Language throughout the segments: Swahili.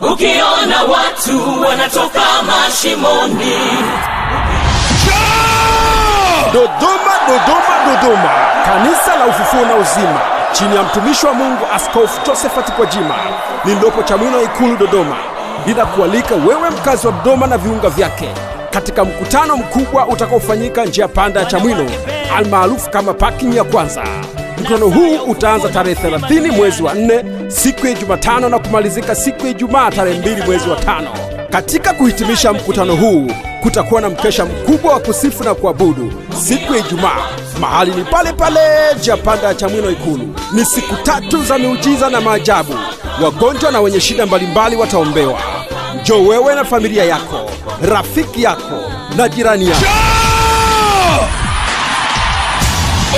ukiona watu wanatoka mashimoni. Dodoma, Dodoma, Dodoma, kanisa la ufufuo na uzima chini ya mtumishi wa Mungu Askofu Josephat Gwajima lililopo Chamwino, Ikulu Dodoma, linakualika wewe mkazi wa Dodoma na viunga vyake katika mkutano mkubwa utakaofanyika njia panda ya Chamwino almaarufu kama parking ya kwanza. Mkutano huu utaanza tarehe 30 mwezi wa 4 siku ya Jumatano na kumalizika siku ya Ijumaa tarehe 2 mwezi wa tano. Katika kuhitimisha mkutano huu kutakuwa na mkesha mkubwa wa kusifu na kuabudu siku ya Ijumaa. Mahali ni pale pale Japanda cha Mwino Ikulu. Ni siku tatu za miujiza na maajabu. Wagonjwa na wenye shida mbalimbali wataombewa. Njoo wewe na familia yako, rafiki yako na jirani yako.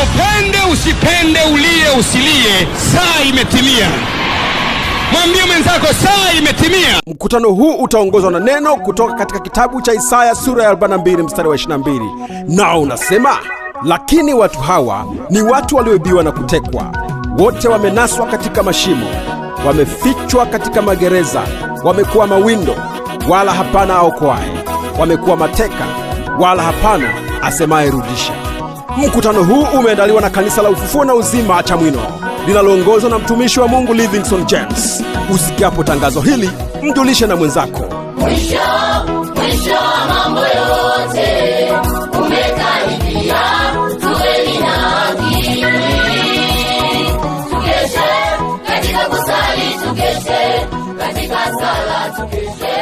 Upendo Usipende, ulie, usilie, saa imetimia. Mwambie mwenzako saa imetimia. Mkutano huu utaongozwa na neno kutoka katika kitabu cha Isaya sura ya 42 mstari wa 22, nao unasema lakini watu hawa ni watu walioibiwa na kutekwa, wote wamenaswa katika mashimo, wamefichwa katika magereza, wamekuwa mawindo, wala hapana aokoaye, wamekuwa mateka, wala hapana asemaye rudisha. Mkutano huu umeandaliwa na kanisa la Ufufuo na Uzima Chamwino linaloongozwa na mtumishi wa Mungu Livingstone James. Usikiapo tangazo hili, mjulishe na mwenzako. Mwisho mwisho wa mambo yote umekaribia, tuweni na akili, tukeshe katika kusali, tukeshe katika sala, tukeshe